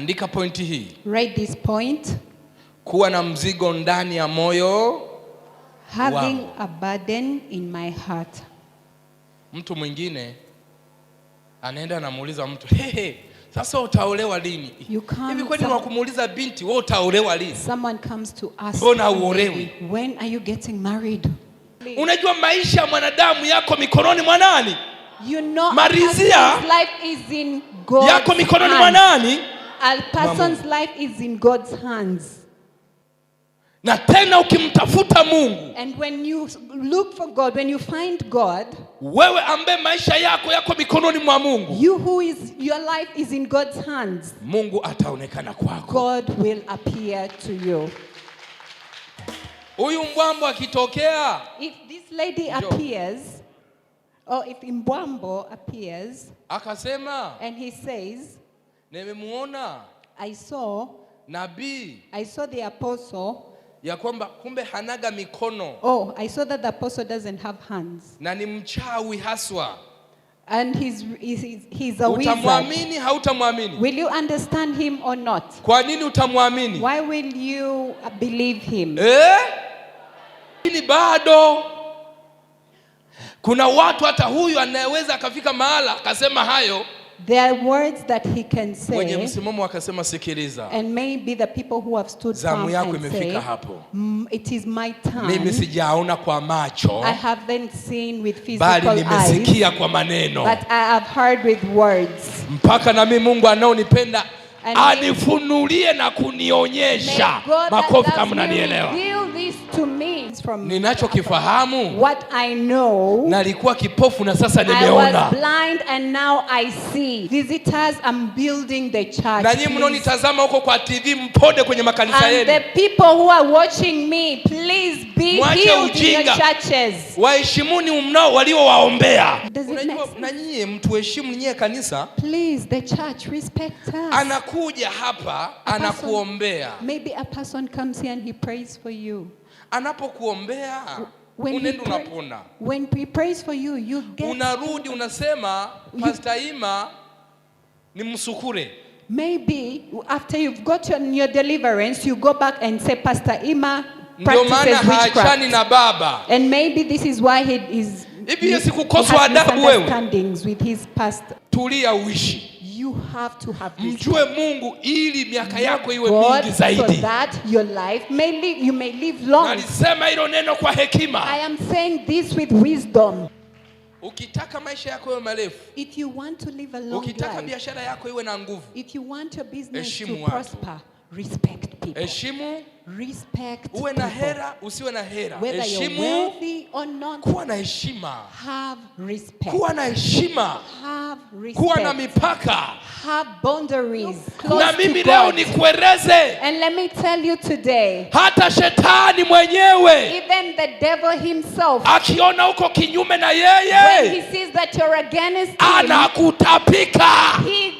Andika pointi hii. Write this point. Kuwa na mzigo ndani ya moyo. Having a burden in my heart. Mtu mwingine anaenda anamuuliza mtu hey, hey, sasa utaolewa lini? Hivi kwani ni wakumuuliza binti wewe utaolewa lini? Someone comes to ask. Mbona uolewi? When are you getting married? Unajua maisha ya mwanadamu yako mikononi mwanani You know, marizia life is in yako mikononi mwanani nani? A person's life is in God's hands. Na tena ukimtafuta Mungu, and when you look for God, when you find God, wewe ambaye maisha yako yako mikononi mwa Mungu, you who is your life is in God's hands, Mungu ataonekana kwako. God will appear to you. Huyu mbwambo akitokea, if this lady Njoo. appears, or if mbwambo appears, akasema, and he says nimemuona I saw nabii I saw the apostle ya kwamba kumbe hanaga mikono. Oh, I saw that the apostle doesn't have hands. Na ni mchawi haswa. And he's, he's, he's a wizard. Utamwamini hautamwamini? Will you understand him or not? Kwa nini utamwamini? Why will you believe him? Eh? Ni bado kuna watu hata huyu anayeweza akafika mahala akasema hayo There are words that he can say. msimamo akasema sikiliza. And maybe the people who have stood Zamu yako imefika hapo. Mm, it is my time. Mimi sijaona kwa macho. I haven't seen with physical eyes. Bali nimesikia kwa maneno. But I have heard with words. Mpaka na mimi Mungu anaonipenda anifunulie na kunionyesha. Makofi kama mnanielewa ninachokifahamu, nalikuwa kipofu na sasa nimeona, na huko kwa TV mpode kwenye makanisa yenu, mwache waheshimuni mnao waliowaombea. Na mtuheshimu nyie kanisa, anakuja hapa anakuombea. Maybe a person comes anapokuombea unaenda unapona. When he prays for you, you get unarudi unasema Pastor Ima ni msukure. Maybe after you've gotten your deliverance, you go back and say Pastor Ima practices witchcraft. na baba. And maybe this is why he is Hivi sikukoswa adabu wewe. With his pastor. Tulia uishi you have to have this mjue Mungu ili miaka yako iwe mingi zaidi. So that your life may live, you may live long. Nalisema hilo neno kwa hekima. I am saying this with wisdom. Ukitaka maisha yako iwe marefu, if you want to live a long ukitaka biashara yako iwe na nguvu, if you want your business to prosper, Respect people. Heshimu. Respect uwe na hera, usiwe na hera. Heshimu. Kuwa na heshima. Have respect. Kuwa na heshima. Have respect. Kuwa na mipaka. Have boundaries. Na mimi leo nikuereze And let me tell you today. Hata shetani mwenyewe. Even the devil himself. Akiona uko kinyume na yeye. When he sees that you're against him. Anakutapika. He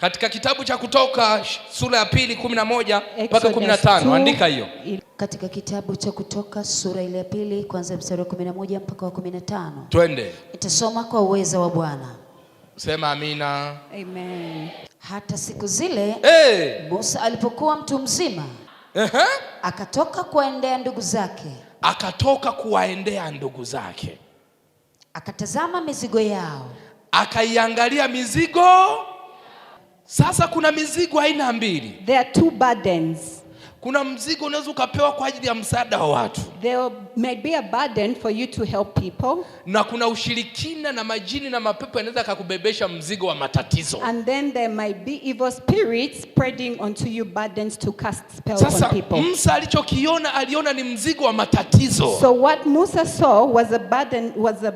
Katika kitabu cha Kutoka sura ya pili kumi na moja mpaka kumi na tano andika hiyo. Katika kitabu cha Kutoka sura ile ya pili kwanza mstari wa kumi na moja mpaka wa kumi na tano twende, nitasoma kwa uweza wa Bwana. Sema amina. Amen. Hata siku zile hey, Musa alipokuwa mtu mzima uh -huh, akatoka kuwaendea ndugu zake, akatoka kuwaendea ndugu zake, akatazama mizigo yao, akaiangalia mizigo sasa kuna mizigo aina mbili. There are two burdens. Kuna mzigo unaweza ukapewa kwa ajili ya msaada wa watu. There may be a burden for you to help people. Na kuna ushirikina na majini na mapepo yanaweza kukubebesha mzigo wa matatizo. And then there might be evil spirits spreading onto you burdens to cast spells Sasa, on people. Musa alichokiona aliona ni mzigo wa matatizo. So what Musa saw was a burden was a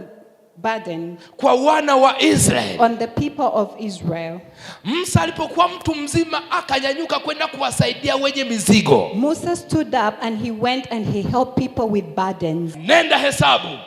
burden kwa wana wa Israel. On the people of Israel. Musa alipokuwa mtu mzima akanyanyuka kwenda kuwasaidia wenye mizigo. Musa stood up and he went and he helped people with burdens. Nenda Hesabu.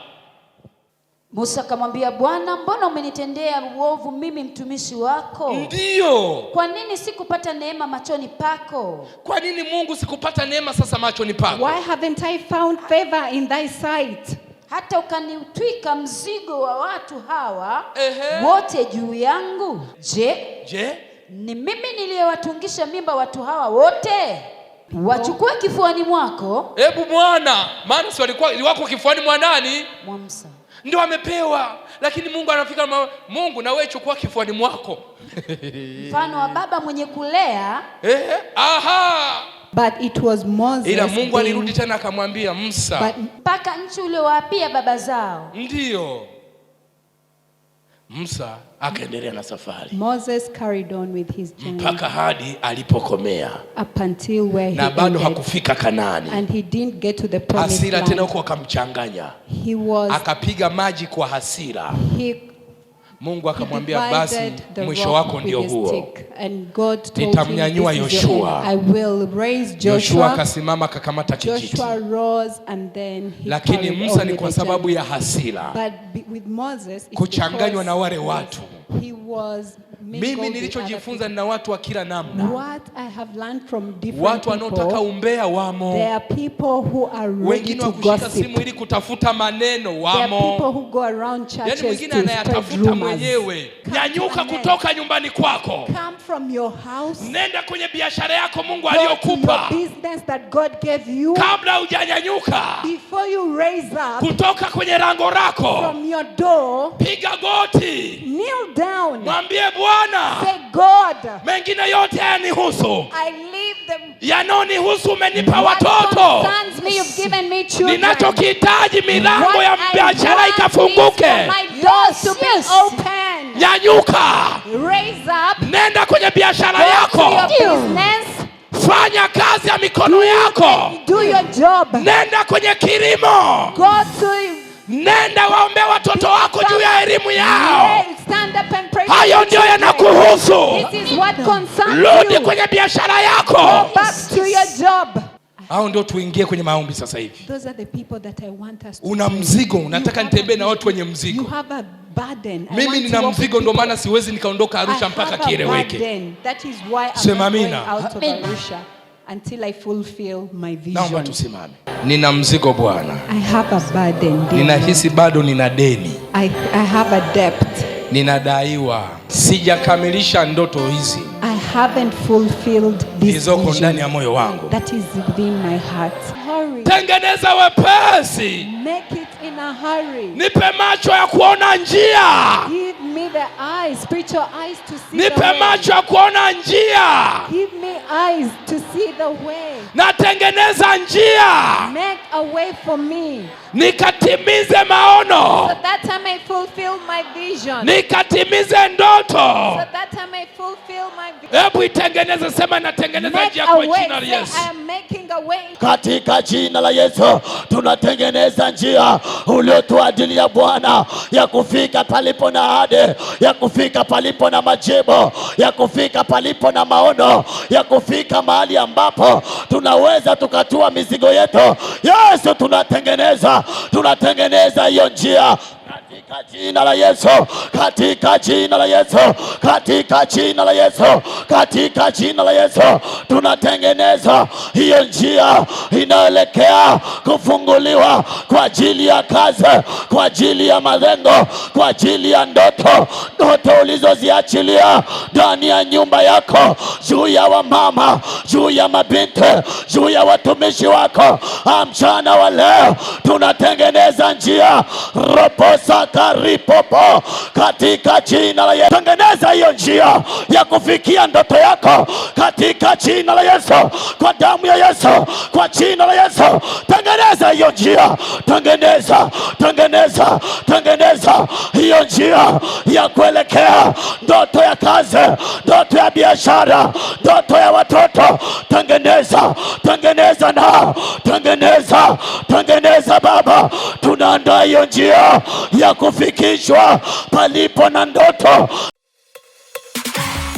Musa akamwambia Bwana, mbona umenitendea uovu mimi mtumishi wako? ndio Kwa nini sikupata neema machoni pako? Kwa nini Mungu sikupata neema sasa machoni pako? Why haven't I found favor in thy sight? hata ukaniutwika mzigo wa watu hawa wote juu yangu. Je, je, ni mimi niliyewatungisha mimba watu hawa wote wachukue kifuani mwako? Hebu mwana, maana si walikuwa wako kifuani mwa nani? Mwa Musa. Ndio amepewa, lakini Mungu anafika. Mungu na wewe chukua kifuani mwako mfano wa baba mwenye kulea Ehe. Aha. But it was Moses. Ila Mungu alirudi tena akamwambia Musa, mpaka nchi uliowapia baba zao. Ndiyo. Musa akaendelea na safari. Moses carried on with his journey. Mpaka hadi alipokomea. Up until where he na bado hakufika kanani And he didn't get to the promised land. Hasira tena huko akamchanganya. He was. Akapiga maji kwa hasira. He Mungu akamwambia basi, mwisho wako ndio huo, nitamnyanyua Yoshua. Yoshua akasimama akakamata kijiti, lakini Musa ni kwa sababu ya hasira, kuchanganywa na wale watu He was mimi nilichojifunza na watu wa kila namna. Watu wanaotaka umbea wamo, wengine wakushika simu ili kutafuta maneno wamo, yaani mwingine anayatafuta mwenyewe. Nyanyuka kutoka nyumbani kwako, nenda kwenye biashara yako Mungu aliyokupa kabla hujanyanyuka kutoka kwenye lango rako piga goti, mwambie bwa Bwana, mengine yote yanihusu yanaonihusu umenipa watoto. Ninachokihitaji milango ya biashara ikafunguke. Nyanyuka, nenda kwenye biashara yako, fanya kazi ya mikono yako, nenda kwenye kilimo, nenda waombea watoto wako juu ya elimu yao. Hayo ndio yanakuhusu. Rudi kwenye biashara yako. Hao ndio tuingie kwenye maombi sasa hivi. Una mzigo, nataka nitembee na watu wenye mzigo. Mimi nina mzigo, ndio maana siwezi nikaondoka Arusha mpaka kieleweke. Sema tusimame. Nina mzigo Bwana, ninahisi bado nina deni. I, I have a debt ninadaiwa, sijakamilisha ndoto hizi zilizoko ndani ya moyo wangu. Tengeneza wepesi, nipe macho ya kuona njia. Nipe macho ya kuona njia. Give me eyes to see the way. Natengeneza njia. Make a way for me. Nikatimize maono. So that I may fulfill my vision. Nikatimize ndoto. So that I may fulfill my vision. Hebu itengeneze, sema natengeneza njia kwa jina la Yesu. Katika jina la Yesu tunatengeneza njia uliotuadilia Bwana ya kufika palipo na ade ya kufika palipo na majibu, ya kufika palipo na maono, ya kufika mahali ambapo tunaweza tukatua mizigo yetu. Yesu, tunatengeneza tunatengeneza hiyo njia katika jina la Yesu, katika jina la Yesu, katika jina la Yesu, katika jina la Yesu, tunatengeneza hiyo njia inayoelekea kufunguliwa kwa ajili ya kazi, kwa ajili ya malengo, kwa ajili ya ndoto, ndoto ulizoziachilia ndani ya nyumba yako, juu ya wamama, juu ya mabinti, juu ya watumishi wako. Mchana wa leo tunatengeneza njia roposa karipopo katika jina la Yesu. Tengeneza hiyo njia ya kufikia ndoto yako katika jina la Yesu, kwa damu ya Yesu, kwa jina la Yesu, tengeneza hiyo njia, tengeneza, tengeneza, tengeneza sasa hiyo njia ya kuelekea ndoto ya kazi, ndoto ya biashara, ndoto ya watoto. Tengeneza, tengeneza na tengeneza, tengeneza Baba, tunaandaa hiyo njia ya kufikishwa palipo na ndoto.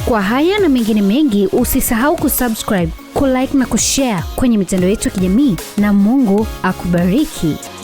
Kwa haya na mengine mengi, usisahau kusubscribe, kulike na kushare kwenye mitandao yetu ya kijamii, na Mungu akubariki.